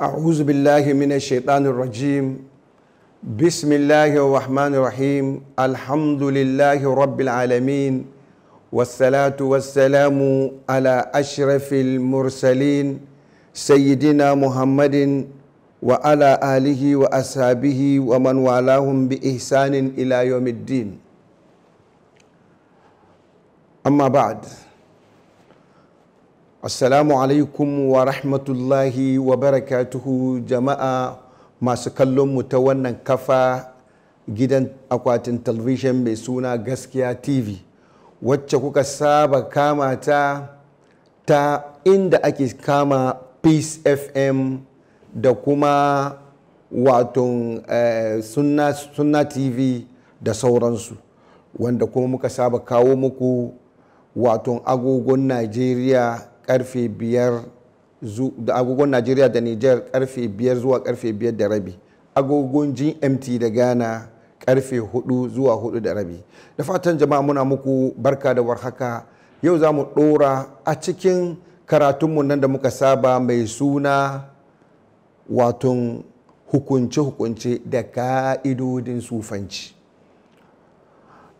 أعوذ بالله من الشيطان الرجيم بسم الله الرحمن الرحيم الحمد لله رب العالمين والصلاة والسلام على أشرف المرسلين سيدنا محمد وعلى آله وأصحابه ومن والاهم بإحسان إلى يوم الدين أما بعد assalamu alaikum wa rahmatullahi wa barakatuhu jama'a masu kallon mu ta wannan kafa gidan akwatin talabijin mai suna gaskiya tv wacce kuka saba kama ta ta inda ake kama peace fm da kuma waton eh, sunna, tv da sauransu wanda kuma muka saba kawo muku waton agogon najeriya karfe biyar da agogon najeriya da niger karfe biyar zuwa karfe biyar da rabi agogon gmt da ghana karfe hudu zuwa hudu da rabi da fatan jama'a muna muku barka da warhaka yau za mu dora a cikin karatunmu nan da muka saba mai suna waton hukunce-hukunce da ka'idodin sufanci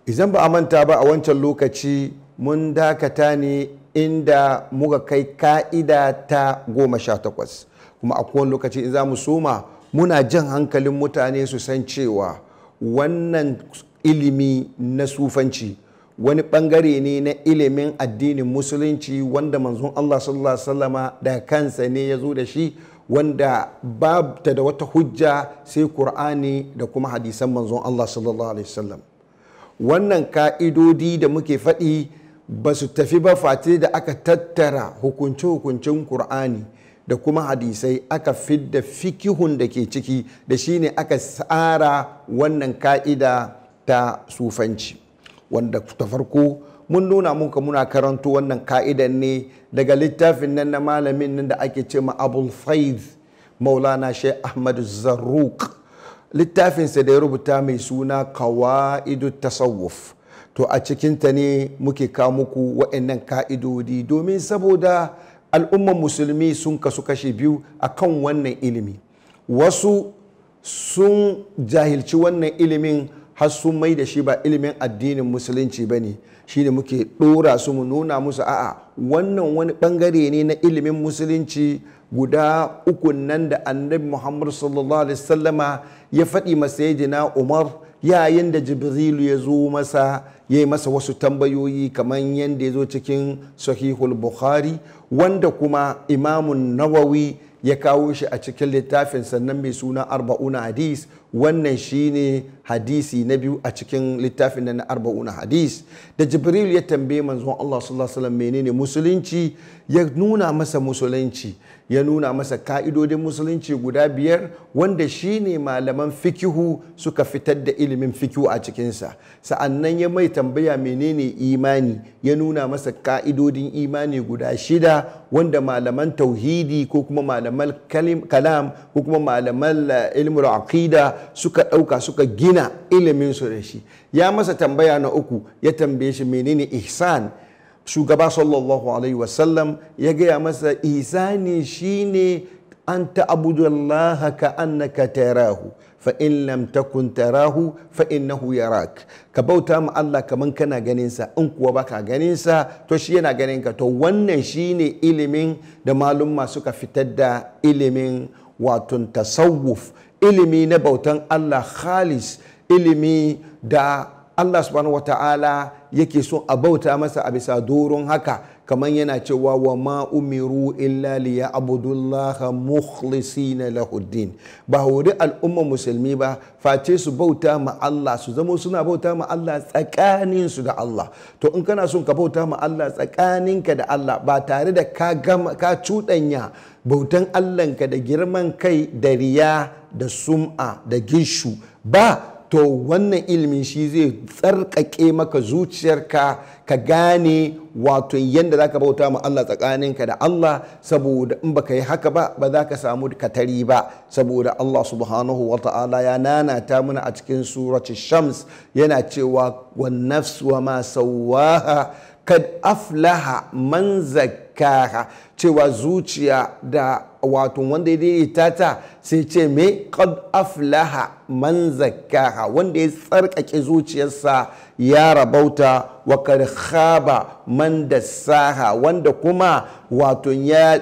idan ba a manta ba a wancan lokaci mun dakata ne inda muka kai ka'ida ta goma sha takwas kuma a kowane lokaci in za mu soma muna jan hankalin mutane su san cewa wannan ilimi na sufanci wani bangare ne na ilimin addinin musulunci wanda manzon Allah sallallahu alaihi wasallama da kansa ne ya zo da shi wanda ba ta da wata hujja sai Kur'ani da kuma hadisan manzon Allah sallallahu alaihi wasallam wannan ka'idodi da muke faɗi ba su tafi ba fati da aka tattara hukunce-hukuncen Kur'ani da kuma hadisai aka da fikihun da ke ciki da shi ne aka tsara wannan ka'ida ta sufanci wanda ta farko mun nuna muka muna karanto wannan ka'idan ne daga littafin nan na malamin nan da ake ce ma abul Faiz maulana shi ahmad zarruq littafinsa da ya rubuta mai suna kawa'idu tasawuf to a cikinta ne muke kawo muku waɗannan ka'idodi domin saboda al'umman musulmi sun kasu kashe biyu akan wannan ilimi wasu sun jahilci wannan ilimin har sun mai da shi ba ilimin addinin musulunci ba ne shi ne muke ɗora su mu nuna musu a'a wannan wani bangare ne na ilimin musulunci guda uku nan da annabi muhammadu sallallahu alaihi sallama ya faɗi masayidina umar yayin da jibrilu ya zo masa ya yi masa wasu tambayoyi kamar yadda ya zo cikin sahihul bukhari wanda kuma imamun nawawi ya kawo shi a cikin littafin sannan mai suna arba'una hadis wannan shine hadisi na biyu a cikin littafin na arba'una hadis da jibril ya tambaye manzon Allah sallallahu alaihi menene musulunci ya nuna masa musulunci ya nuna masa ka'idodin musulunci guda biyar wanda shi ne malaman fikihu suka fitar da ilimin fikihu a cikinsa sa'annan ya mai tambaya menene imani ya nuna masa ka'idodin imani guda shida wanda malaman tauhidi ko kuma malaman kalam ko kuma malaman eh, ilmul aqida suka ɗauka suka gina ilimin su da shi ya masa tambaya na uku ya tambaye shi menene ihsan shugaba sallallahu alaihi wasallam ya gaya masa isani shine an ta'budu Allah ka annaka tarahu fa in lam takun tarahu fa innahu yarak ka bauta ma Allah kaman kana ganin sa in kuwa baka ganin sa to shi yana ganin ka to wannan shine ilimin da malumma suka fitar da ilimin watun tasawuf ilimi na bautan Allah khalis ilimi da Allah subhanahu wata'ala yake so a bauta masa a bisa doron haka kamar yana cewa wa ma umiru illa ya abudullaha mukhlisina lahuddin ba hori al'umma musulmi ba face su bauta ma Allah su zama suna bauta ma Allah tsakanin su da Allah to in kana son ka bauta ma Allah tsakaninka da Allah ba tare da ka gama ka cuɗanya bautan Allahnka da girman kai da riya da sum'a da gishu ba to wannan ilimin shi zai tsarkake maka zuciyarka ka gane wato yadda za ka bauta ma Allah tsakaninka da Allah saboda in baka yi haka ba ba za ka samu katari ba saboda Allah subhanahu wa ta'ala ya nanata mana a cikin surati shams yana cewa wa nafs wa ma sawaha kad aflaha man kara cewa zuciya da wato wanda ya daidaita ta sai ce me kad aflaha man zakkaha wanda ya tsarkake zuciyarsa ya rabauta wa khaba man dassaha wanda kuma wato ya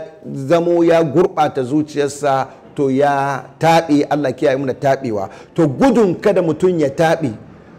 zamo ya gurbata zuciyarsa to ya taɓe Allah kiyaye muna taɓewa to gudun kada mutum ya taɓe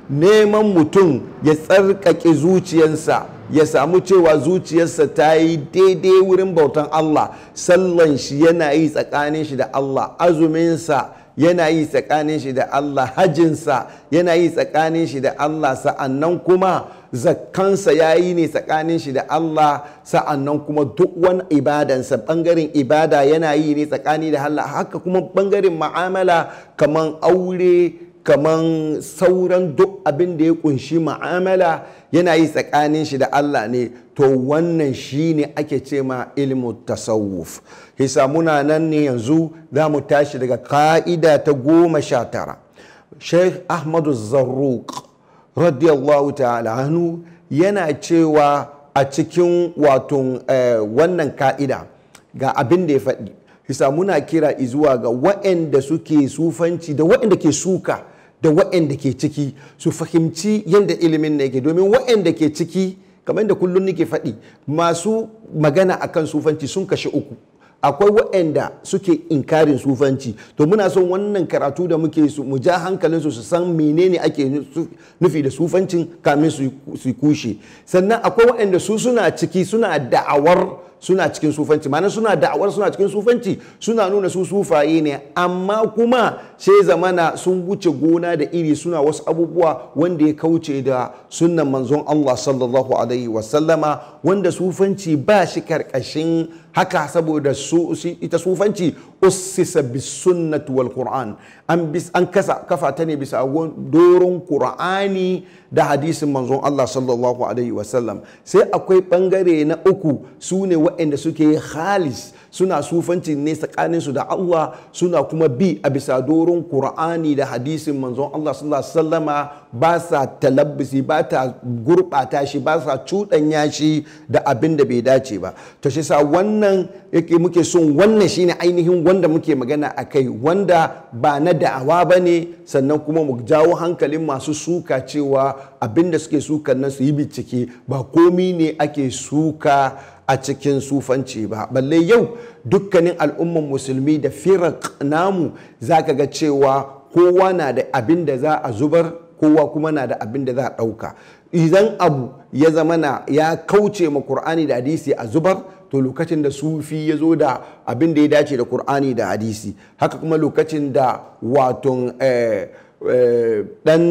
neman mutum ya tsarkake zuciyarsa ya samu cewa zuciyarsa ta yi daidai wurin bautan Allah sallan shi yana yi tsakanin shi da Allah azuminsa yana yi tsakanin shi da Allah hajinsa yana yi tsakanin shi da Allah sa'annan kuma zakkansa ya yi ne tsakanin shi da Allah sa'annan kuma duk wani ibadansa bangaren ibada yana yi ne tsakani da Allah haka kuma bangaren ma'amala kamar aure kamar sauran duk abin da ya kunshi ma'amala yana yi tsakanin shi da Allah ne to wannan shi ne ake ce ma ilmu tasawuf hisa muna nan ne yanzu za mu tashi daga ka'ida ta goma sha tara sheikh ahmadu zarruk radiyallahu ta'ala hannu yana cewa a cikin wato eh, wannan ka'ida ga abin da ya faɗi bisa muna kira izuwa ga waɗanda suke sufanci da waɗanda ke suka da waɗanda ke ciki su fahimci yadda ilimin na yake domin waɗanda ke ciki kamar da kullum nake faɗi masu magana akan sufanci sun kashe uku akwai waɗanda suke inkarin sufanci to muna son wannan karatu da muke su mu ja hankalin su san menene ake nufi da sufancin kamin su kushe sannan akwai waɗanda su suna ciki suna da'awar suna cikin sufanci ma'ana suna da'awar suna cikin sufanci suna nuna su sufaye ne amma kuma sai zamana sun wuce gona da iri suna wasu abubuwa wanda ya kauce da sunan manzon Allah sallallahu alaihi wasallama wanda sufanci ba shi karkashin haka saboda su ita sufanci ussisa bis sunnati wal qur'an an bis an kasa kafa ta ne bisa doron qur'ani da hadisin manzon Allah sallallahu alaihi wasallam sai akwai bangare na uku su ne waɗanda suke khalis suna sufanci ne tsakanin su da Allah suna kuma bi a bisa doron Qur'ani da hadisin manzon Allah sallallahu alaihi ba sa talabbisi ba ta gurbata shi ba sa cuɗanya shi da abin da bai dace ba to shi sa wannan yake muke son wannan shine ainihin wanda muke magana a kai wanda ba na da'awa ba ne sannan kuma mu jawo hankalin masu suka cewa abin da suke sukan nan su yi bincike ba komi ne ake suka a cikin sufanci ba balle yau dukkanin al'umman musulmi da firak namu za ka ga cewa kowa na da abin da za a zubar kowa kuma na da abin da za a ɗauka idan abu ya zama na ya kauce ma Kur'ani da hadisi a zubar to lokacin da sufi ya zo da abin da ya dace da Kur'ani da hadisi haka kuma lokacin da waton eh, Eh, eh, dan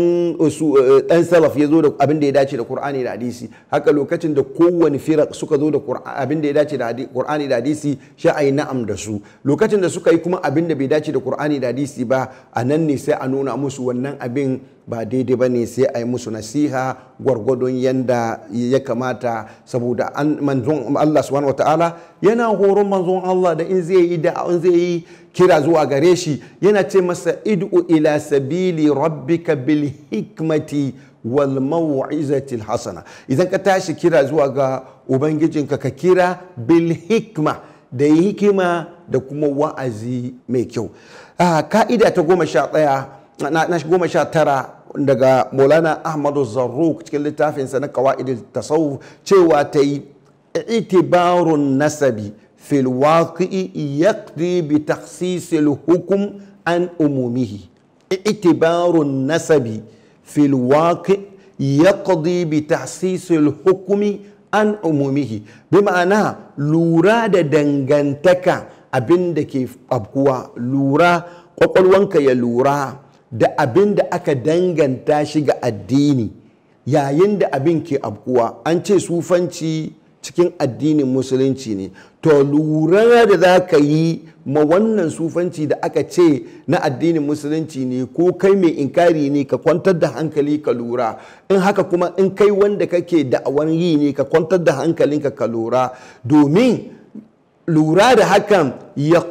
salaf ya zo da abin da ya dace da Qur'ani da hadisi haka lokacin da kowane firak suka zo da abin da ya dace da Qur'ani da hadisi sha ai na'am da su lokacin da suka yi kuma abin da bai dace da Qur'ani da hadisi ba a nan ne sai a nuna musu wannan abin ba daidai ba ne sai a yi musu nasiha gwargwadon yanda ya kamata saboda manzon Allah subhanahu ta'ala yana horon manzon Allah da in zai yi da in zai yi kira zuwa gare shi yana ce masa id'u ila sabili rabbika bil hikmati wal maw'izati hasana idan ka tashi kira zuwa ga ubangijinka ka kira bil hikma da hikima da kuma wa'azi mai kyau ka'ida ta goma sha ɗaya na goma sha tara daga maulana ahmadu zarruk cikin littafinsa na kawa'idin tasawuf cewa ta yi itibarun nasabi fil waqi'i yaqdi hukum an umumihi itibarun nasabi filwaki waqi yaqdi bi hukumi an umumihi bai ma'ana lura da dangantaka abin ke abkuwa lura kwakwalwanka ya lura da abinda aka danganta shi ga addini yayin da abin ke abkuwa an ce sufanci cikin addinin musulunci ne to lura da za ka yi ma wannan sufanci da aka ce na addinin musulunci ne ko kai mai inkari ne ka kwantar da hankali ka lura in haka kuma in kai wanda kake da'awar yi ne ka kwantar da hankalin ka lura domin lura da hakan ya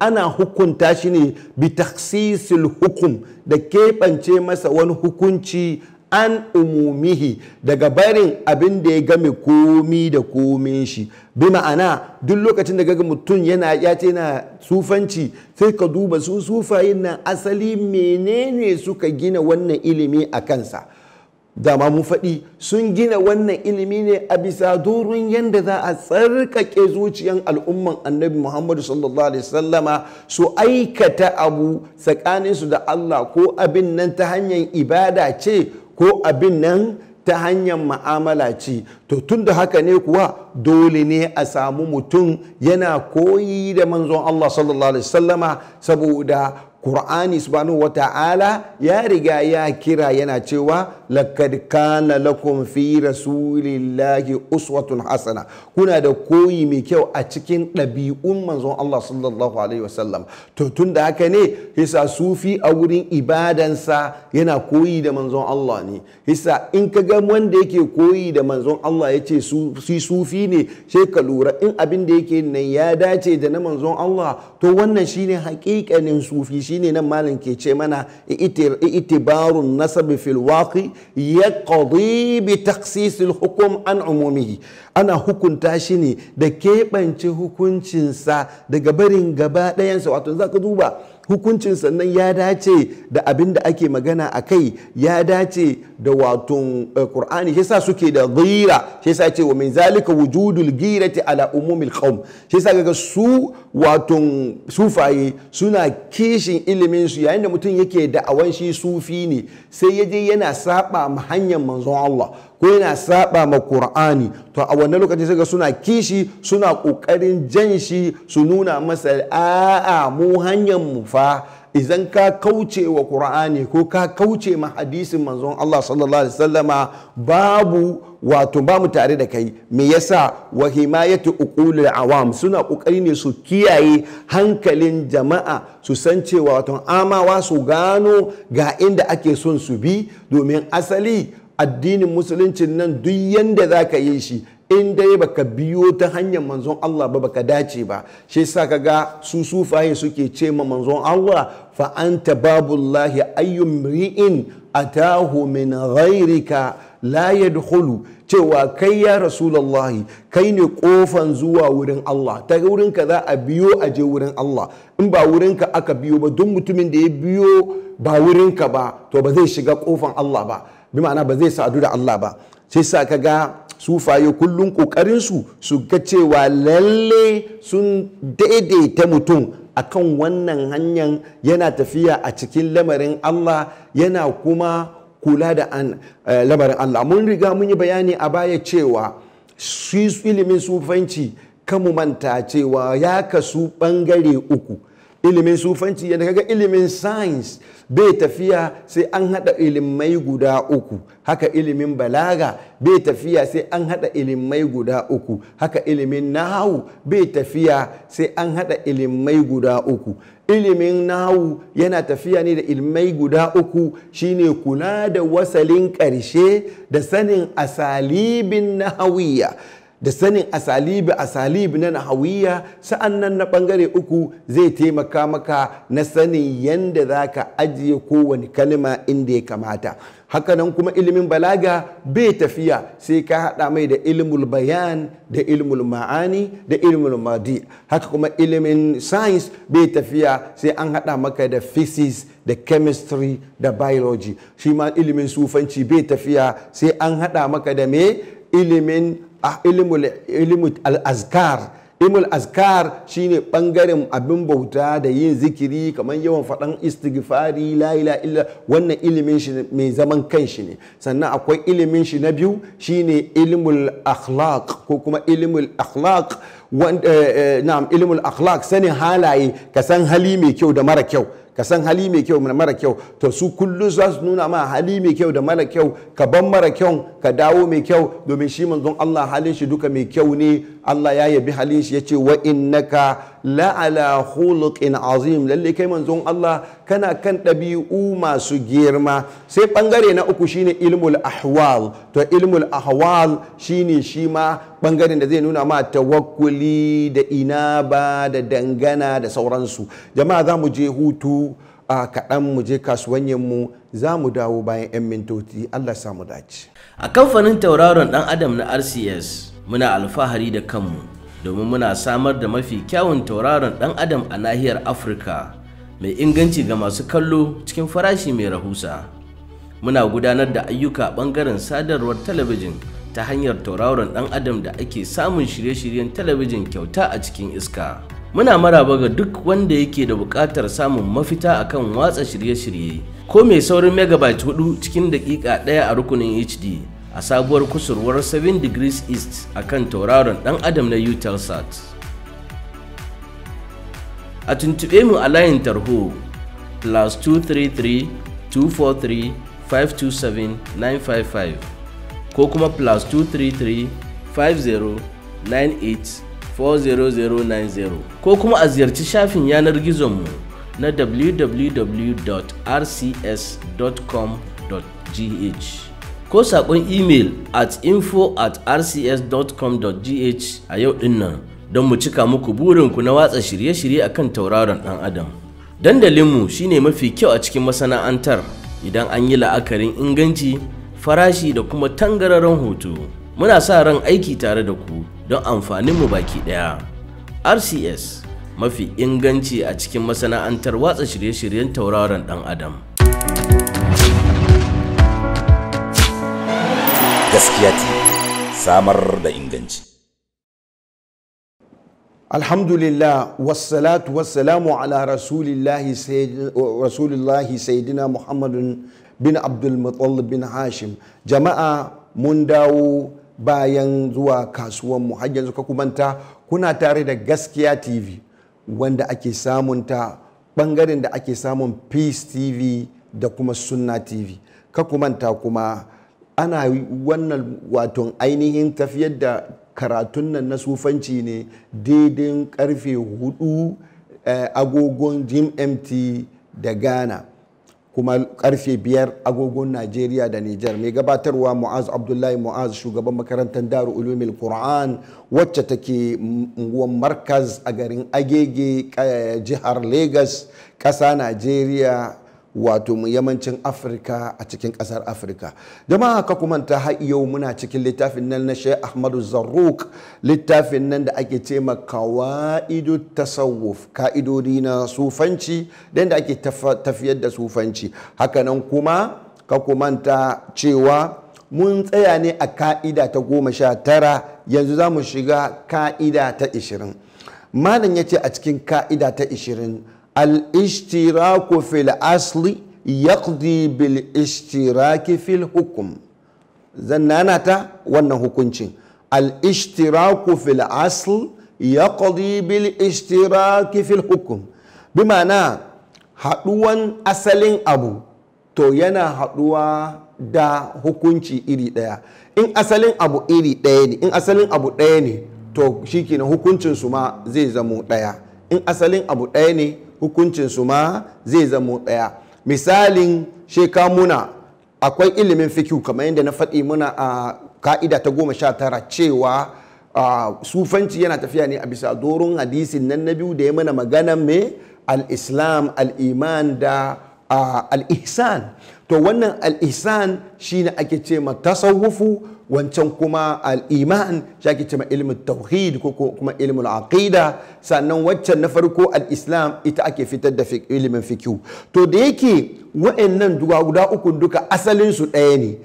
ana hukunta shi ne bi taksisil hukum da keɓance masa wani hukunci an umumihi daga barin abin da ya game komi da komin shi bi ma'ana duk lokacin da gaga mutum yana ya ce na sufanci sai ka duba su sufayin nan asali menene suka gina wannan ilimi a kansa dama mu faɗi sun gina wannan ilimi ne a bisa doron yadda za a tsarkake zuciyan al'umman annabi muhammadu sallallahu alaihi sallama su aikata abu tsakaninsu da allah ko abin nan ta hanyar ibada ce ko abin nan ta hanyar ma'amala ce to tun da haka ne kuwa dole ne a samu mutum yana koyi da manzon Allah sallallahu alaihi wasallama saboda Qur'ani subhanahu wa ta'ala ya riga ya kira yana cewa laqad kana lakum fi rasulillahi uswatun hasana kuna da koyi mai kyau a cikin ɗabi'un manzon Allah sallallahu alaihi wasallam to tunda haka ne hisa sufi a wurin ibadansa yana koyi da manzon Allah ne hisa in ka ga wanda yake koyi da manzon Allah yace su sufi ne sai ka lura in abin da yake nan ya dace da na manzon Allah to wannan shine hakikanin sufi shi shine nan malam ke ce mana itibarun nasabi fil waqi yaqdi bi takhsis hukum an umumihi ana hukunta shi ne da keɓance hukuncinsa daga barin gaba ɗayansa wato za ka duba hukuncin sannan ya dace da abin da ake magana a kai ya dace da waton ƙur'ani eh, shi sa suke da gira shi sa ce wa min zalika wujudul girati ala umumil qawm shi sa kaga su waton sufaye suna kishin ilimin su yayin da mutum yake da awanshi sufi ne sai yaje yana saba ma hanyar manzon Allah ko yana saba ma Qur'ani to a wannan lokaci sai suna kishi suna kokarin jan shi su nuna masa a'a mu hanyar mu fa idan ka kauce wa Qur'ani ko ka kauce ma hadisin manzon Allah sallallahu alaihi wasallama babu wato ba mu tare da kai me yasa wa himayatu uqulil awam suna kokari ne su kiyaye hankalin jama'a su san cewa wato amawa su gano ga inda ake son su bi domin asali addinin musuluncin nan duk yanda za ka yi shi in dai baka biyo ta hanyar manzon Allah ba baka dace ba shi ka ga su sufaye suke ce ma manzon Allah fa anta babullahi ayyum ri'in atahu min ghairika la yadkhulu cewa kai ya rasulullahi kai ne kofan zuwa wurin Allah ta wurin ka za a biyo a je wurin Allah in ba wurin aka biyo ba duk mutumin da ya biyo ba wurinka ba to ba zai shiga kofan Allah ba bi ma'ana ba zai sadu da Allah ba sai sa ka ga sufaye kullum kokarin su ga cewa lalle sun daidaita mutum akan wannan hanyar yana tafiya a cikin lamarin Allah yana kuma kula da eh, lamarin Allah mun riga mun yi bayani a baya cewa su ilimin sufanci kamu manta cewa ya kasu bangare uku ilimin sufanci yadda kaga ilimin science bai tafiya sai an hada ilimai guda uku haka ilimin balaga bai tafiya sai an hada ilimai guda uku haka ilimin nahawu bai tafiya sai an hada ilimai guda uku ilimin nahawu yana tafiya ne da ilimai guda uku shine kula da wasalin ƙarshe da sanin asalibin nahawiya da sanin asalibi asalibi na sa'an nan na bangare uku zai taimaka maka na sanin yadda za ka ajiye kowane kalima inda ya kamata hakanan kuma ilimin balaga bai tafiya sai ka haɗa mai da ilimul bayan da ilimul ma'ani da ilimul madi haka kuma ilimin science bai tafiya sai an haɗa maka da physics da chemistry da biology shi ma ilimin sufanci bai tafiya sai an haɗa maka da me ilimin a ah, ilimu azkar ilimul azkar shine bangaren abin bauta da yin zikiri kamar yawan faɗan istighfari la ila illa wannan ilimin shi mai zaman kanshi ne sannan akwai ilimin shi na biyu shine ilimul akhlaq ko kuma ilimul akhlaq eh, eh, na'am ilimul akhlaq sanin halaye ka san hali mai kyau da mara kyau ka san hali mai kyau da mara kyau to su kullum za su nuna ma hali mai kyau da mara kyau ka ban mara kyau ka dawo mai kyau domin shi manzon Allah halin shi duka mai kyau ne Allah ya yabi halin shi yace wa innaka la'ala khuluqin azim lalle kai manzon Allah kana kan ɗabi'u masu girma sai ɓangare na uku shine ilmul ahwal to ilmul ahwal shine shi ma ɓangaren da zai nuna ma tawakkuli da inaba da dangana da sauransu jama'a za mu je hutu a kaɗan mu je mu za mu dawo bayan 'yan mintoci Allah samu dace a kamfanin tauraron ɗan adam na rcs muna alfahari da kanmu domin muna samar da mafi kyawun tauraron dan adam a nahiyar afirka mai inganci ga masu kallo cikin farashi mai rahusa muna gudanar da ayyuka bangaren sadarwar talabijin ta hanyar tauraron dan adam da ake samun shirye-shiryen talabijin kyauta a cikin iska muna maraba ga duk wanda yake da buƙatar samun mafita akan watsa shirye-shirye ko mai saurin megabyte 4 cikin daƙiƙa ɗaya a rukunin hd a sabuwar kusurwar 7 degrees east a kan tauraron dan adam na utelsat a tuntube mu a layin tarho plus 233 243 527 955 ko kuma plus 233 50 98 40090 ko kuma a ziyarci shafin yanar gizonmu na www.rcs.com.gh ko saƙon imel at info at rcs.com.gh a yau ɗin nan don mu cika muku burinku na watsa shirye-shirye a kan tauraron ɗan adam. Dandalinmu shi ne mafi kyau a cikin masana'antar idan an yi la'akarin inganci, farashi da kuma tangararren hoto. Muna sa ran aiki tare da ku don amfaninmu baki ɗaya. RCS mafi inganci a cikin masana'antar watsa shirye-shiryen tauraron ɗan adam. gaskiya ce samar da inganci alhamdulillah wassalatu wassalamu ala rasulillahi sayyidina muhammadun bin abdulmutallib bin hashim jama'a mun dawo bayan zuwa kasuwanmu har suka kumanta kuna tare da gaskiya tv wanda ake samunta bangaren da ake samun peace tv da kuma sunna tv ka kumanta kuma ana wannan waton ainihin tafiyar da karatun nan na sufanci ne daidai karfe hudu eh, agogon gmt da ghana kuma karfe biyar agogon nigeria da niger mai gabatarwa mu'az abdullahi mu'az shugaban makarantar daru ulumil qur'an wacce take unguwar markaz a garin agege eh, jihar lagos ƙasa nigeria. wato mu yamancin afirka a cikin kasar afirka jama'a ka kuma har yau muna cikin littafin nan na shai ahmadu zarruk littafin nan da ake ce ma kawaidu tasawuf ka'idodi na sufanci da ake tafiyar da sufanci hakanan kuma ka kuma ta cewa mun tsaya ne a ka'ida ta goma sha tara yanzu za mu shiga ka'ida ta ishirin malam ya ce a cikin ka'ida ta ishirin al-ishtiraku fil asli yaqdi bil ishtiraki fil hukum zan nanata wannan hukuncin al-ishtiraku fil asl yaqdi bil ishtiraki fil hukum bi ma'ana asalin abu to yana haɗuwa da hukunci iri ɗaya. in asalin abu iri ɗaya ne in asalin abu ɗaya ne to shi shikenan hukuncin su ma zai zamo ɗaya. in asalin abu ɗaya ne hukuncin su ma zai zamo ɗaya misalin sheka muna akwai ilimin fikihu kamar yadda na faɗi muna a ka'ida ta goma sha tara cewa sufanci yana tafiya ne a bisa doron hadisin nan na biyu da ya mana magana mai al-islam al-iman da al-ihsan to wannan al'isan shi ne ake ce ma tasawufu wancan kuma al'iman shi ake ce ma ilmin tauhid ko kuma ilmin aqida sannan waccan na farko al'islam ita ake fitar da ilimin fikihu to da yake wa'annan duka guda uku duka asalinsu ɗaya ne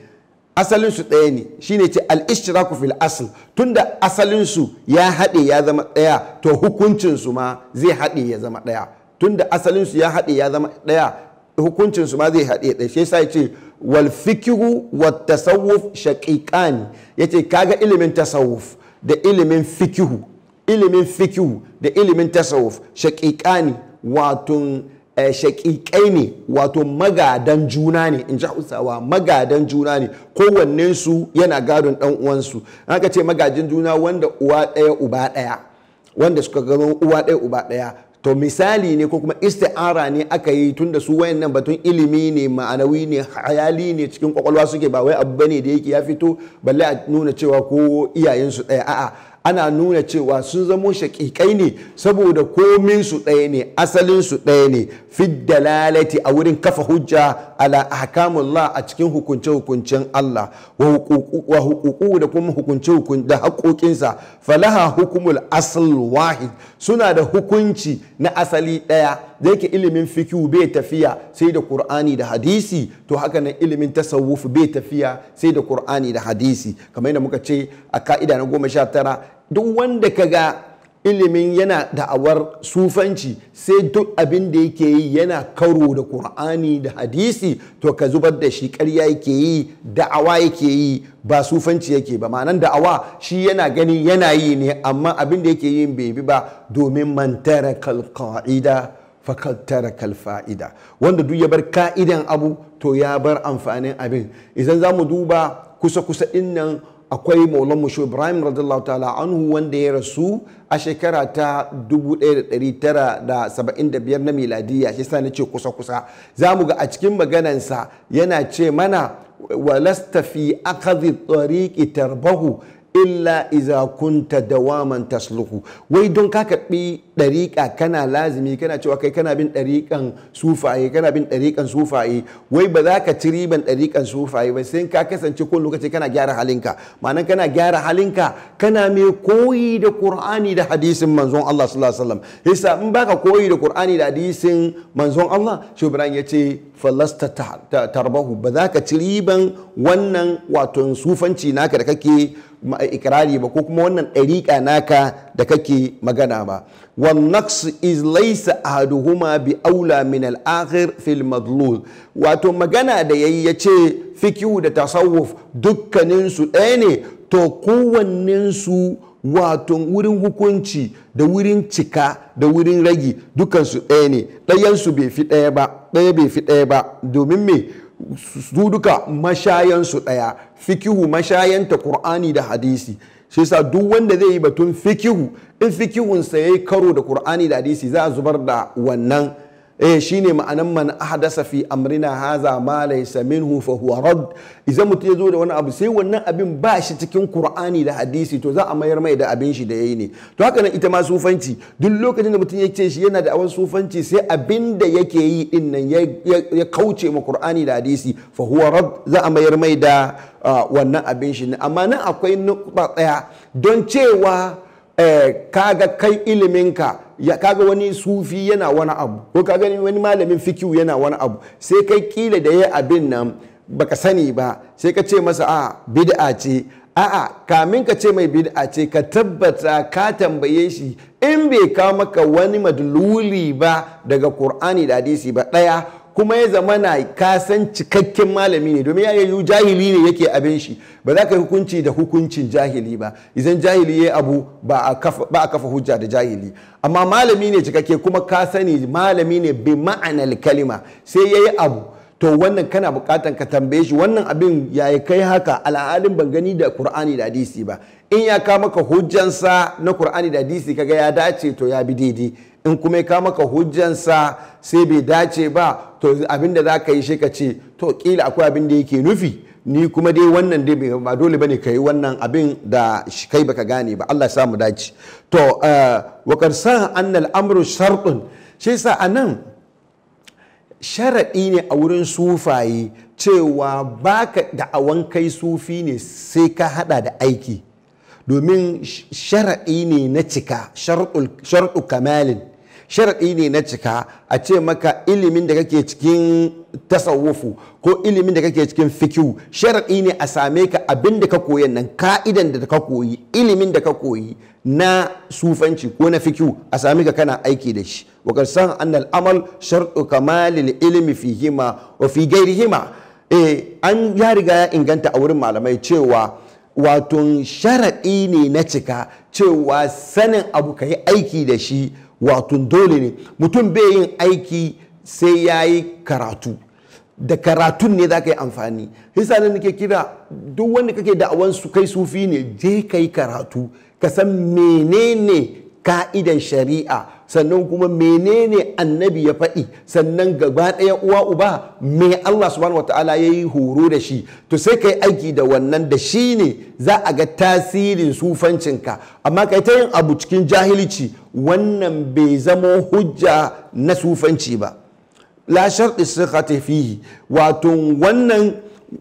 asalinsu ɗaya ne shine ce al ku fil asl tunda da asalinsu ya haɗe ya zama ɗaya to hukuncinsu ma zai haɗe ya zama ɗaya tunda da asalinsu ya haɗe ya zama ɗaya hukuncin su ma zai haɗe ɗai shi sai ce wal fikihu wat tasawuf shaqiqan yace kaga ilimin tasawuf da ilimin fikihu ilimin fikihu da ilimin tasawuf shaqiqani wato eh, shaƙiƙai ne wato magadan juna ne in ji hausawa magadan juna ne kowanne su yana gadon ɗan uwansu haka ce magajin juna wanda uwa ɗaya uba ɗaya wanda suka gano uwa ɗaya uba ɗaya to misali ne ko kuma isti'ara ne aka yi tunda su wayannan batun ilimi ne ma'anawi ne hayali ne cikin kwakwalwa suke ba wai abu bane da yake ya fito balle a nuna cewa ko iyayensu ɗaya a'a ana nuna cewa sun zamo shaƙiƙai ne saboda komin su ɗaya ne asalin su ɗaya ne Fidda lalati a wurin kafa hujja ala ahkamullah a cikin hukunce hukuncen Allah wa hukuku da kuma hukunce hukunce da haƙoƙinsa falaha hukumul asal wahid suna da hukunci na asali ɗaya da yake ilimin fikihu bai tafiya sai da Qur'ani da hadisi to haka na ilimin tasawuf bai tafiya sai da Qur'ani da hadisi kamar yadda muka ce a ka'ida na goma sha tara duk wanda ka ga ilimin yana da'awar sufanci sai duk abin da yake yi yana karo da ƙur'ani da hadisi to ka zubar da shi karya yake yi da'awa yake yi ba sufanci yake ba ma'anan da'awa shi yana gani yana yi ne amma abin da yake yi bai bi ba domin mantara tarakal qa'ida fakad wanda duk ya bar ka'idan abu to ya bar amfanin abin idan za mu duba kusa-kusa ɗin nan akwai maulan musho ibrahim radiyallahu ta'ala anhu wanda ya rasu a shekara ta 1975 na miladiyya shi sa ce kusa-kusa za mu ga a cikin maganansa yana ce mana walasta fi akadhi tariqi tarbahu illa iza kunta dawaman tasluhu wai don ka karbi ɗariƙa kana lazimi kana cewa kai kana bin ɗariƙan sufaye kana bin ɗariƙan sufaye wai ba za ka ci riban ɗariƙan sufaye ba sai ka kasance ko lokaci kana gyara halinka ma'anan kana gyara halinka kana mai koyi da qur'ani da hadisin manzon Allah sallallahu alaihi wasallam in baka koyi da qur'ani da hadisin manzon Allah shi Ibrahim ya falasta tarbahu ba za ka ci riban wannan wato sufanci naka da kake ikirari ba ko kuma wannan ɗariƙa naka da kake magana ba wan naqs is laysa ahaduhuma bi aula min al akhir fil madlul wato magana da yayi yace fikihu da tasawuf dukkanin su ɗaya ne to kowannen su wato wurin hukunci da wurin cika da wurin ragi dukansu ɗaya ne ɗayansu bai fi ɗaya ba ɗaya bai fi ɗaya ba domin me su duka mashayansu ɗaya fikihu mashayanta ƙur'ani da hadisi shi sa duk wanda zai yi batun fikihu in fikihunsa ya yi karo da ƙur'ani da hadisi za a zubar da wannan eh shine ma'anan man ahdasa fi amrina haza ma laysa minhu fa huwa rad idan mutum ya zo da wani abu sai wannan abin ba shi cikin Kur'ani da hadisi to za a mayar mai da abin shi da yayi ne to haka nan ita ma sufanci duk lokacin da mutum ya ce shi yana da awan sufanci sai abin da yake yi din nan ya kauce ma Kur'ani da hadisi fa huwa rad za a mayar mai da ah, wannan abin shi ne. amma nan akwai nukta daya don cewa eh, kaga kai iliminka ya kaga wani sufi yana wani abu ko kaga wani malamin fikiyu yana wani abu sai kai kila da ya abin nan baka sani ba sai ka ce masa a bid'a ce a'a kamin ka ce mai bid'a ce ka tabbata ka tambaye shi in bai kawo maka wani madluli ba daga qur'ani da hadisi ba daya kuma ya zama na kasan cikakken malami ne domin ya yi jahili ne yake abin shi ba za ka yi hukunci da hukuncin jahili ba idan jahili ya abu ba a kafa hujja da jahili amma malami ne cikakke kuma ka sani malami ne bi ma'anar kalima sai ya yi abu to wannan kana bukatan ka tambaye shi wannan abin ya kai haka al'adun ban gani da kur'ani da hadisi ba in ya kama ka hujjansa na qur'ani da hadisi kaga ya dace to ya bi daidai in kuma ya kama ka hujjansa sai bai dace ba to abin da za ka yi shi ka ce to kila akwai abin da yake nufi ni kuma dai wannan dai ba dole bane ka yi wannan abin da kai baka gane ba Allah ya samu dace to eh, wa qarsan al amru shartun shi yasa anan sharaɗi ne a wurin sufaye cewa baka awan kai sufi ne sai ka hada da aiki domin sharaɗi ne na cika sharɗu kamalin sharaɗi ne na cika a ce maka ilimin da kake cikin tasawufu ko ilimin da kake cikin fikiu sharaɗi ne a same ka abin da ka koyi nan ka'idan da ka koyi ilimin da ka koyi na sufanci ko na fikiu a same ka kana aiki da shi wa karsan al'amal amal kamalin kamalil fi hima wa fi eh an ya riga ya inganta a wurin malamai cewa wato sharaɗi ne na cika cewa sanin abu ka yi aiki da shi wato dole ne mutum bai yin aiki sai ya yi karatu da karatun ne za ka yi amfani hisa nan nake kira duk wanda kake da'awan su kai sufi ne je ka yi karatu ka san menene ka'idan shari'a sannan kuma menene annabi ya faɗi sannan gaba ɗaya uwa uba me Allah subhanahu ta'ala ya yi horo da shi to sai ka yi aiki da wannan da shi ne za a ga tasirin sufancinka amma ka ta yin abu cikin jahilci wannan bai zama hujja na sufanci ba la sharɗi ka tafi wato wannan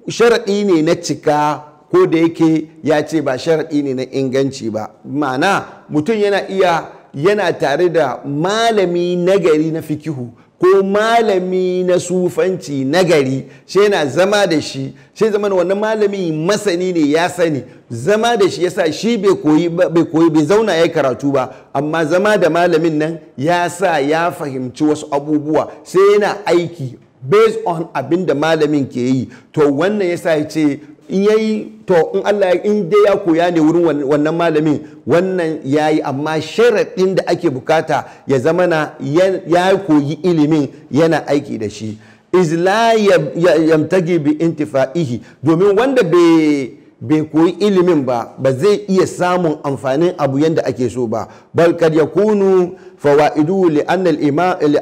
sharaɗi ne na cika ko da yake ya ce ba sharaɗi ne na inganci ba ma'ana mutum yana iya yana tare da malami nagari na fikihu ko malami na sufanci nagari shi yana zama da shi shi zama da wani malami masani ne ya sani zama da shi yasa shi bai koyi bai koyi zauna ya karatu ba amma zama da malamin nan ya sa ya fahimci wasu abubuwa sai yana aiki based on abin da malamin ke yi to wannan yasa ya ce in yayi to in Allah in dai ya koya ne wurin wannan malamin wannan yayi amma sharaɗin da ake bukata ya zama na ya koyi ilimin yana aiki da shi izla yamtagi bi intifa'ihi domin wanda bai bai koyi ilimin ba ba zai iya samun amfanin abu yadda ake so ba bal kad yakunu fawaidu li al imam li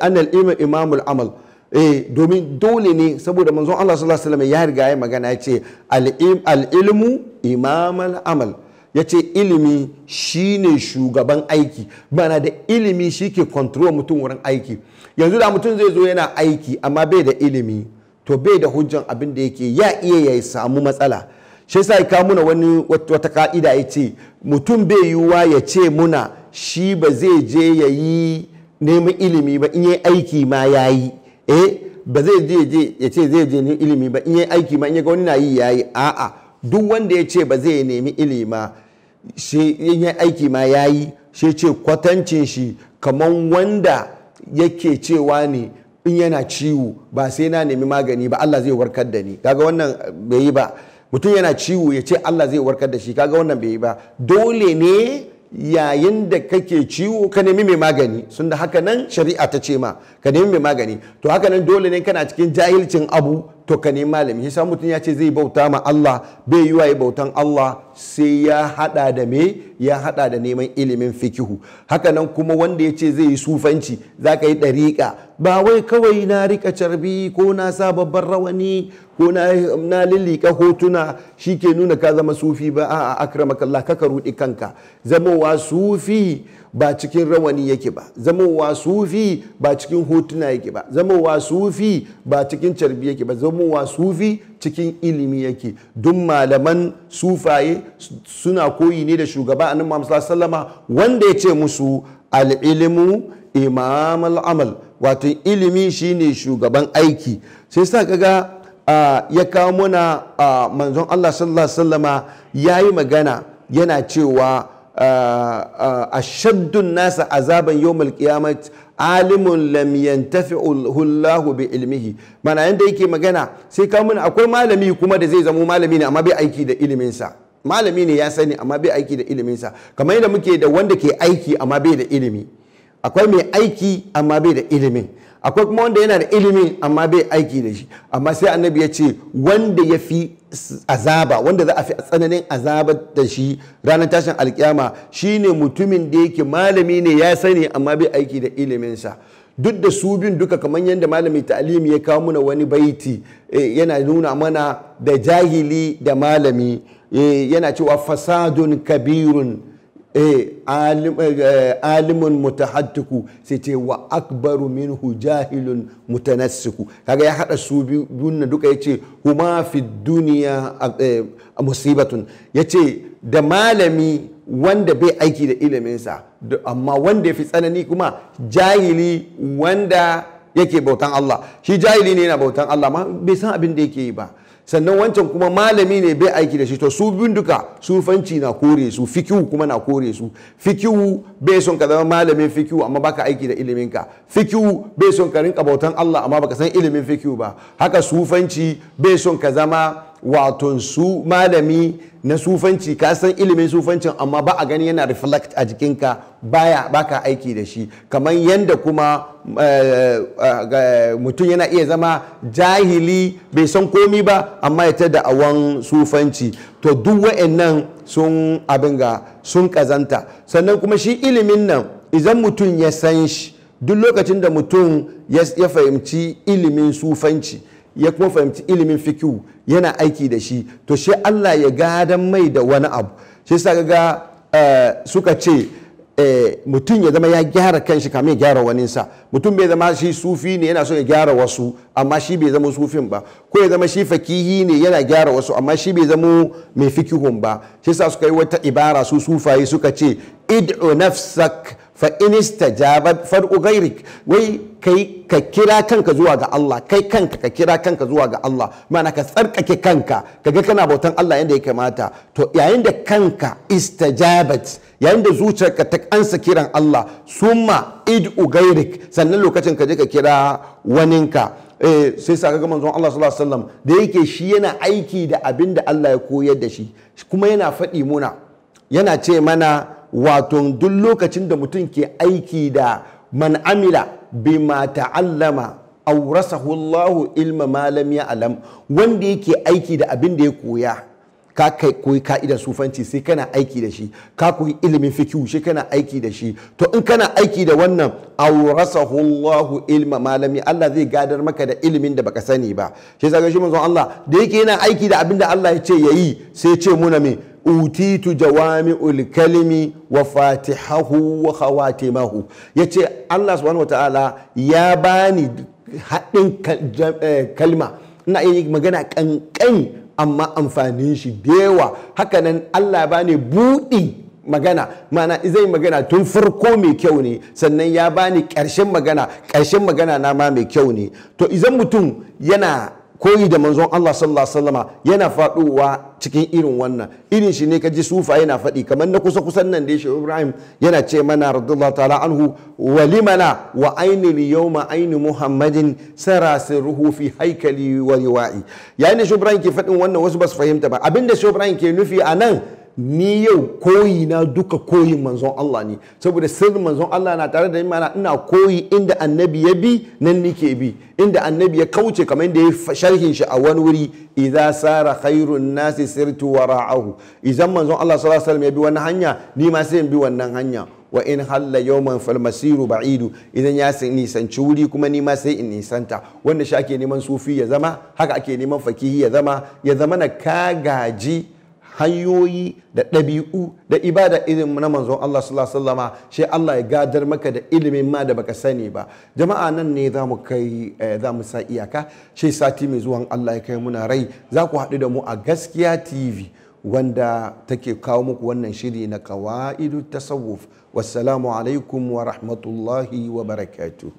imam amal eh domin dole ne saboda manzon Allah sallallahu alaihi wasallam ya riga ya magana ya ce al-ilmu al amal ya ce ilimi shine shugaban aiki mana da ilimi shi ke control mutum wurin aiki yanzu da mutum zai zo yana aiki amma bai da ilimi to bai da hujjan abin da yake ya iya ya samu matsala shi sai ka muna wani wata ka'ida ya ce mutum bai yiwuwa ya ce muna shi ba zai je ya yi neman ilimi ba in yi aiki ma ya yi eh ba zai je ya ce zai je ni ilimi ba in yi aiki ma in ya ga na yi ya yi a'a duk wanda ya ce ba zai nemi ilima shi in yi aiki ma ya yi shi ce kwatancin shi kamar wanda yake cewa ne in yana ciwo ba sai na nemi magani ba Allah zai warkar da ni kaga wannan eh, bai yi ba mutum yana ciwo ya ce Allah zai warkar da shi kaga wannan bai yi ba dole ne yayin da kake ciwo ka nemi mai magani sun da haka nan shari'a ta ce ma ka nemi mai magani to haka nan dole ne kana cikin jahilcin abu to ka nemi malami shi mutum ya ce zai bauta ma Allah bai yi waye bautan Allah sai ya hada da me ya hada da neman ilimin fikihu hakanan kuma wanda ya ce zai yi sufanci za ka yi ɗariƙa ba wai kawai na rika carbi ko na sa babban rawani ko na lillika hotuna shi ke nuna ka zama sufi ba a'a akramakallah kaka ruɗi kanka zamowa sufi ba cikin rawani yake ba zamowa sufi ba cikin hotuna yake ba zamowa sufi ba cikin carbi yake ba zamowa sufi cikin ilimi yake duk malaman sufaye suna koyi ne da shugaba annabi Muhammad sallama wanda ya ce musu al'ilimu imam al wato ilimi shine shugaban aiki sai sa kaga ya kawo mana manzon Allah sallallahu ya yi yayi magana yana cewa ashaddun nasa azaban yawmal qiyamah alimun lam yantafi'u Allahu bi ilmihi mana yanda yake magana sai ka akwai malami kuma da zai zamo malami ne amma bai aiki da ilimin malami ne ya sani amma bai aiki da ilimin sa kamar yadda muke da wanda ke aiki amma bai da ilimi akwai mai aiki amma ba da ilimin akwai kuma wanda yana da ilimi amma bai aiki da shi amma sai annabi ya ce wanda ya fi azaba wanda za a fi tsananin azaba da shi ranar tashin alkiyama shine mutumin da yake malami ne ya sani amma bai aiki da iliminsa duk da su bin duka kamar yadda malami ta'alim ya kawo muna wani baiti eh, yana nuna mana da jahili da malami eh, yana cewa fasadun kabirun Eh, eh alimun mutahattiku sai ce wa akbaru minhu jahilun mutanassiku kaga ya hada su biyu, na duka yace huma fi duniya eh, musibatun yace da malami wanda bai aiki da iliminsa amma wanda ya fi tsanani kuma jahili wanda yake bautan Allah shi jahili ne yana bautan Allah ma bai san abin da yake yi ba sannan wancan kuma malami ne bai aiki da shi to su binduka duka sufanci na kore su fikihu kuma na kore su fikihu bai son ka zama malamin fikihu amma baka aiki da ilimin ka fikihu bai son ka rinka bautan Allah amma baka san ilimin fikihu ba haka sufanci bai son ka zama wato su malami na sufanci ka san ilimin sufancin amma ba a gani yana reflect a jikinka baya baka aiki da shi kamar yadda kuma eh, eh, mutum yana iya zama jahili bai san komi ba amma ya da awon sufanci to duk nan sun abin ga sun kazanta sannan kuma shi ilimin nan idan mutum ya san shi duk lokacin da mutum ya fahimci ilimin sufanci ya kuma fahimci ilimin fikihu yana aiki da shi to shi Allah ya gadan mai da wani abu shi sa ga eh, suka ce eh, mutum ya zama ya gyara kanshi kamar ya gyara sa mutum bai zama shi sufi ne yana so ya gyara wasu amma shi bai zama sufin ba ko ya zama shi fakihi ne yana gyara wasu amma shi bai zama mai fikihun ba shi sa suka yi wata ibara su sufaye suka ce id'u nafsak fa inista far'u gairik wai kai ka kira kanka zuwa ga Allah kai kanka ka kira kanka zuwa ga Allah mana ka tsarkake kanka Ka kaga kana bautan Allah yadda ya kamata to yayin da kanka istajabat yayin da zuciyarka ta ansa kiran Allah summa id ugairik sannan lokacin ka je ka kira waninka eh, sai sa ga manzon Allah sallallahu alaihi wasallam da yake shi yana aiki da abin da Allah ya koyar da shi kuma yana faɗi muna yana ce mana wato duk lokacin da mutum ke aiki da man amila bima ta'allama aurasahu. Allah ilma ma lam ya'lam wanda yake aiki da abin da ya koya ka kai koyi ka'idar sufanci sai kana aiki da shi ka koyi ilimin fikihu shi kana aiki da shi to in kana aiki da wannan aurasahu. Allah ilma malami Allah zai gadar maka da ilimin da baka sani ba shi yasa shi manzon Allah da yake yana aiki da abin da Allah ya ce yayi sai ya ce muna me utitu jawami'ul kalimi wa fatihahu wa khawatimahu ce Allah subhanahu wataala ya bani haɗin kalma eh, ina iya magana kankan amma amfanin shi dewa hakanan Allah bani buɗi magana mana zai magana tun farko mai kyau ne sannan ya bani ƙarshen magana ƙarshen magana na ma mai kyau ne to idan mutum yana koyi da manzon Allah sallallahu alaihi wasallama yana faduwa cikin irin wannan irin shi ne ka sufa yana faɗi kamar na kusa kusan nan da shi Ibrahim yana ce mana radiyallahu ta'ala anhu wa limana wa aini yawma aini Muhammadin sara sirruhu fi haikali wa riwa'i yayin da shi Ibrahim ke faɗin wannan wasu ba su fahimta ba abinda shi Ibrahim ke nufi a nan ni yau koyi na duka koyin manzon Allah ne saboda sirrin manzon Allah na tare da imana ina koyi inda annabi ya bi nan nike bi inda annabi ya kauce kamar inda ya sharhin shi a wani wuri idza sara khairun nasi sirtu wara'ahu idan manzon Allah sallallahu alaihi wasallam ya bi wannan hanya ni ma sai in bi wannan hanya wa in halla yawman fal masiru ba'idu idan ya nisanci wuri kuma ni ma sai in nisanta wanda shi ake neman sufi ya zama haka ake neman fakihi ya zama ya zama na ka gaji hanyoyi da ɗabi'u da ibada irin na manzon Allah sallallahu alaihi wasallama shi Allah ya gadar maka da ilimin ma da baka sani ba jama'a nan ne za mu kai eh, za sa iyaka shi sati mai zuwan Allah ya kai muna rai za ku haɗu da mu a gaskiya TV wanda take kawo muku wannan shiri na kawa'idu tasawuf wassalamu alaikum wa rahmatullahi wa barakatuh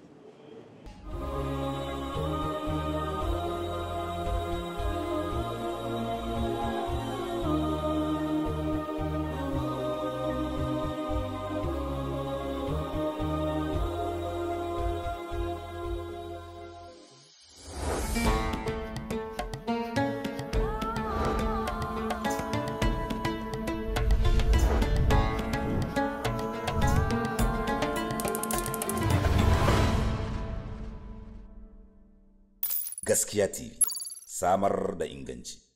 samar da inganci